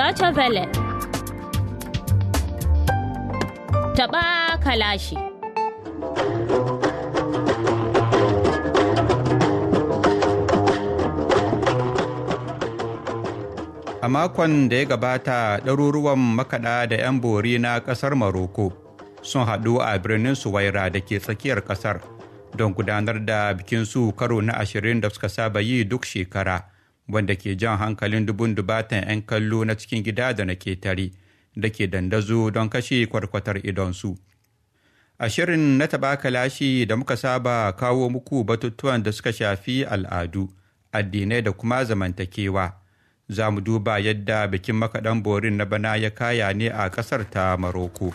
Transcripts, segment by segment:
Deutsche Welle. Taɓa kalashi. A makon da ya gabata ɗaruruwan makaɗa da 'yan bori na ƙasar Maroko sun haɗu a birnin Suwaira da ke tsakiyar ƙasar don gudanar da bikin su karo na ashirin da suka saba yi duk shekara. wanda ke jan hankalin dubun dubatan 'yan kallo na cikin gida da na ketare da ke dandazo don kashe kwarkwatar idonsu. A shirin na tabaka lashi da muka saba kawo muku batutuwan da suka shafi al'adu, addinai da kuma zamantakewa. Za mu duba yadda bikin makaɗan borin na bana ya kaya ne a ƙasar ta Maroko.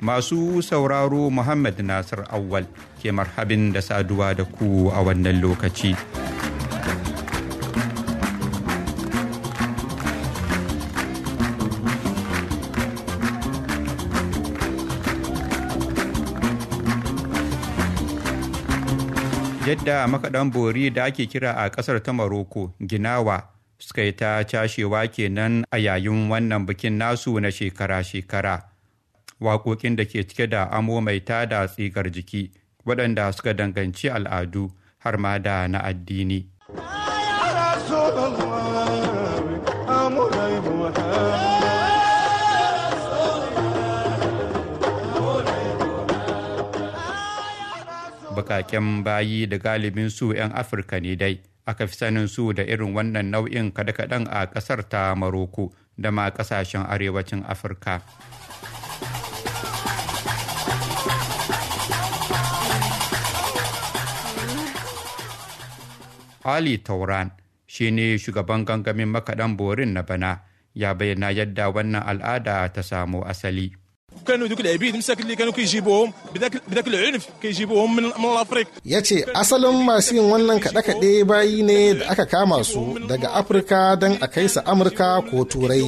Masu sauraro Muhammad Nasir Awwal ke marhabin da saduwa da ku a wannan lokaci. yadda makaɗan bori da ake kira a ƙasar ta maroko ginawa suka yi ta cashewa kenan a yayin wannan bikin nasu na shekara-shekara waƙoƙin da ke cike da amo mai tada tsigar jiki waɗanda suka danganci al'adu har ma da na addini. baƙaƙen bayi da galibin su 'yan afirka ne dai aka fi sanin su da irin wannan nau'in kadakadan a ƙasar ta maroko da ma ƙasashen arewacin afirka Ali Tauran shi ne shugaban gangamin makaɗan borin na bana ya bayyana yadda wannan al'ada ta samo asali. كانوا ذوك العبيد مساكن اللي كانوا كيجيبوهم بذاك بذاك العنف كيجيبوهم من من yace asalin masu yin wannan kaɗe kaɗe bayi ne da aka kama su daga afirka don a kai sa amurka ko turai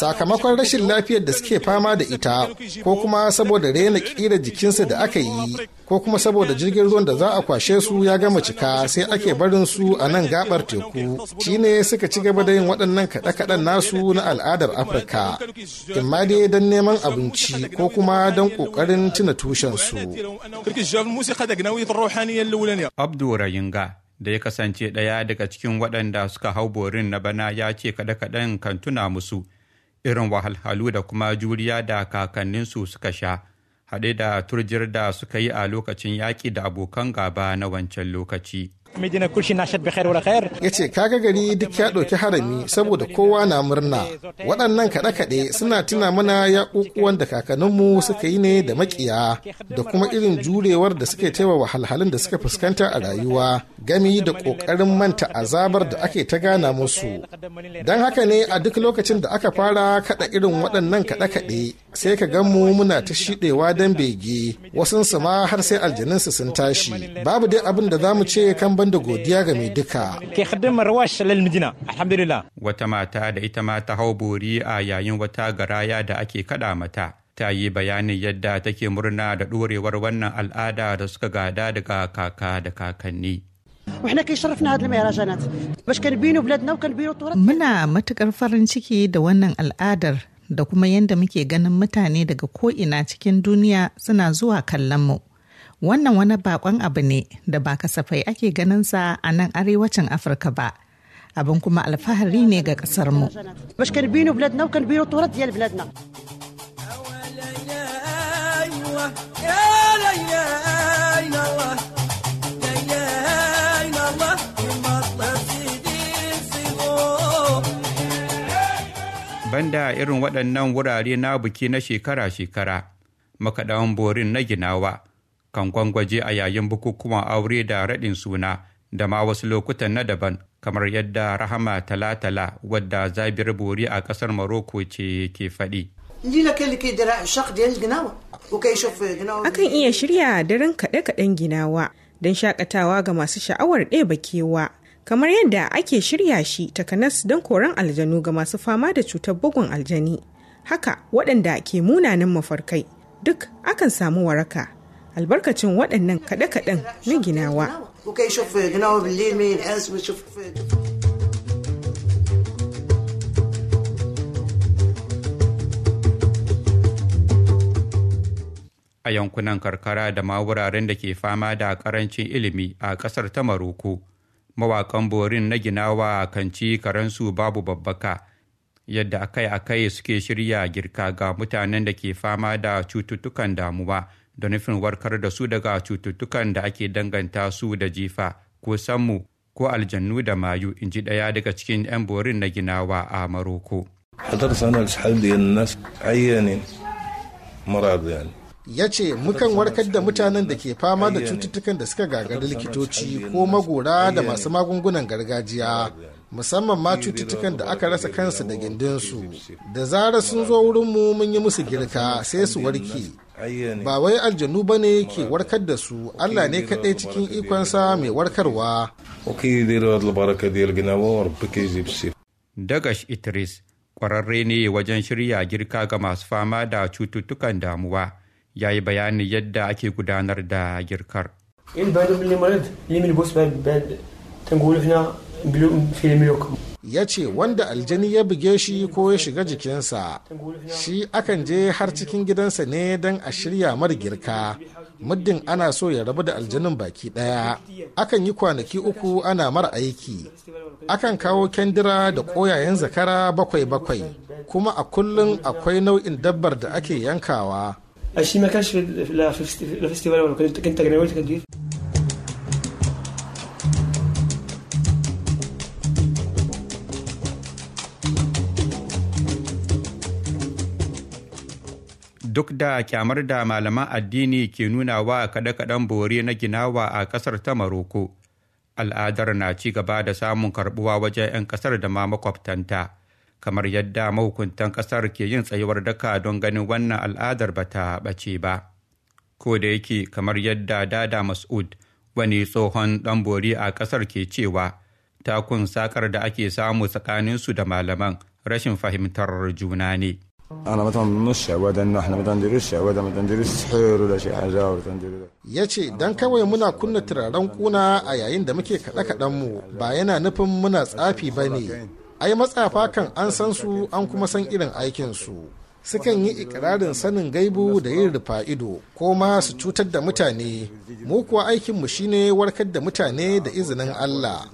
sakamakon rashin lafiyar da suke fama da ita ko kuma saboda rena ƙira jikinsu da aka yi ko kuma saboda jirgin ruwan da za a kwashe su ya gama cika sai ake barin su a nan gabar teku shi ne suka ci gaba da yin waɗannan kaɗe-kaɗen nasu na al'adar afirka imma dai don neman abinci ko kuma don ƙoƙarin tuna tushensu. Abdu Rayinga da ya kasance ɗaya daga cikin waɗanda suka hau borin na bana ya ce kaɗe-kaɗen kan tuna musu irin wahalhalu da kuma juriya da kakanninsu suka sha haɗe da turjir da suka yi a lokacin yaƙi da abokan gaba na wancan lokaci. medina kushi na khair wala khair yace kaga gari duk ya ɗauki harami saboda kowa na murna waɗannan kaɗe kaɗe suna tuna mana ya kukuwan da kakanninmu suka yi ne da makiya da kuma irin jurewar da suke taiwa wahalhalun da suka fuskanta a rayuwa gami da ƙoƙarin manta azabar da ake ta gana musu don haka ne a duk lokacin da aka fara kaɗa irin waɗannan kaɗe kaɗe sai ka gan mu muna ta shiɗewa don bege ma har sai aljaninsu sun tashi babu dai abin da za mu ce kan banda godiya ga mai duka wata mata da ita ma ta hau bori a yayin wata garaya da ake kada mata ta yi bayanin yadda take murna da ɗorewar wannan al'ada da suka gada daga kaka da kakanni muna كيشرفنا farin ciki da wannan al'adar da kuma yadda muke ganin mutane daga ko'ina cikin duniya suna zuwa kallon mu Wannan wani bakon abu ne da ba kasafai ake ganin sa a nan arewacin Afirka ba. Abin kuma alfahari ne ga mu. banda irin waɗannan wurare na buki na shekara-shekara makaɗan borin na ginawa kan gwangwaje a yayin bukukuwan aure da raɗin suna da ma wasu lokutan na daban kamar yadda rahama talatala wadda zabir bori a ƙasar maroko ce ke faɗi akan iya shirya daren kaɗe-kaɗen ginawa don shakatawa ga masu sha'awar ɗebakewa kewa kamar yadda ake shirya shi takanas don koran aljanu ga masu fama da cutar bugun aljani haka waɗanda ke munanan mafarkai duk akan samu waraka albarkacin waɗannan kaɗe-kaɗen na ginawa a yankunan karkara da ma wuraren da ke fama da karancin ilimi a ƙasar ta maroko mawakan borin na ginawa kan ci karensu babu babbaka yadda akai-akai suke shirya girka ga mutanen da ke fama da cututtukan damuwa da nufin warkar da su daga cututtukan da ake danganta su da jifa ko sammu ko aljannu da mayu in ji ɗaya daga cikin 'yan borin na ginawa a maroko. ya ce mukan warkar da mutanen da ke fama da cututtukan da suka gagari likitoci ko magora da masu magungunan gargajiya musamman ma cututtukan da aka rasa kansu da gindinsu da zara sun zo wurinmu mun yi musu girka sai su warke ba wai aljanu ba ne ke warkar da su allah ne kaɗai cikin ikonsa mai warkarwa dagash idris ƙwararre ne wajen shirya girka ga masu fama da cututtukan damuwa ya yi bayanin yadda ake gudanar da girkar. ya ce wanda aljani ya buge shi ko ya shiga jikinsa shi akan je har cikin gidansa ne don a shirya mar girka muddin ana so ya rabu da aljanin baki daya akan yi kwanaki uku ana mara aiki akan kawo kyandira da koyayen zakara bakwai-bakwai kuma a kullum akwai nau'in dabbar da ake yankawa الشيء ما كانش في لا ولا كنت قناوات كندير duk da kyamar da malaman addini ke nuna wa kaɗe-kaɗen bore na ginawa a ƙasar ta maroko al'adar na ci gaba da samun karɓuwa wajen 'yan ƙasar da ma makwabtanta kamar yadda mahukuntan kasar ke yin tsayuwar daka don ganin wannan al'adar ba ta ɓace ba ko da yake kamar yadda dada mas'ud wani tsohon ɗan bori a kasar ke cewa takun sakar da ake samu tsakaninsu da malaman rashin fahimtar juna ne ya ce don kawai muna kunna turaren kuna a yayin da muke kaɗe-kaɗenmu ba yana nufin muna tsafi ba ne ai matsafa kan an san su an kuma san irin aikin su sukan yi ikirarin sanin gaibu da yin rufa ido ko ma su cutar da mutane mu kuwa aikinmu shine warkar da mutane da izinin Allah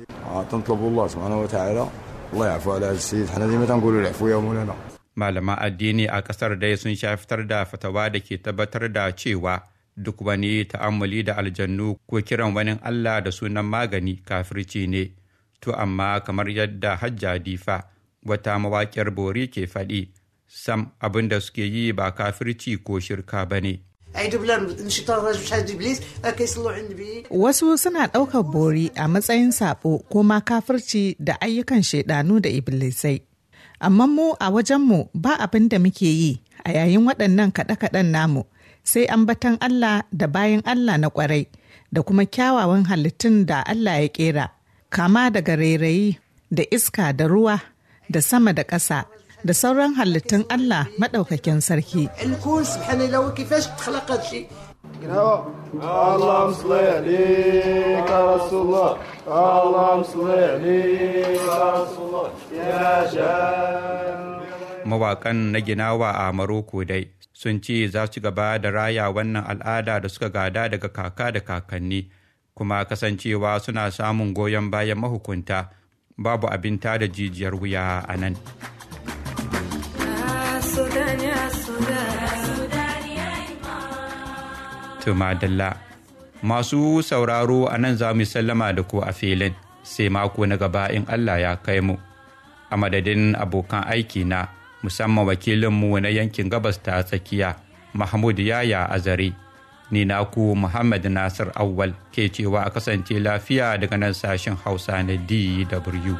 malama addini a kasar dai sun sha fitar da fatawa da ke tabbatar da cewa duk wani ta'amali da aljannu ko kiran wani Allah da sunan magani kafirci ne To amma kamar yadda hajja difa wata mawaƙiyar bori ke faɗi sam abin da suke yi ba kafirci ko shirka ba ne. Wasu suna ɗaukar bori a matsayin saɓo ko ma kafirci da ayyukan shaidanu da iblisai. Amma mu a wajenmu ba abin da muke yi a yayin waɗannan kaɗe-kaɗen namu sai an ambatan Allah da bayan Allah na ƙwarai da kuma kyawawan halittun da Allah ya ƙera. kama daga rairayi da iska da ruwa da sama da ƙasa da sauran halittun Allah maɗaukakin sarki. Mawakan mawaƙan na ginawa a Maroko dai sun ce za su gaba da raya wannan al'ada da suka gada daga kaka da kakanni kuma kasancewa suna samun goyon bayan mahukunta babu abin tada jijiyar wuya a nan. Tumadalla Masu sauraro a nan za mu sallama da ku a filin sai mako na gaba in Allah ya kai mu. A madadin abokan aiki na musamman wakilinmu na yankin gabas ta tsakiya Mahmud Yaya Azare. ni naku Muhammad Nasir Awwal ke cewa a kasance lafiya daga nan sashen Hausa na DW.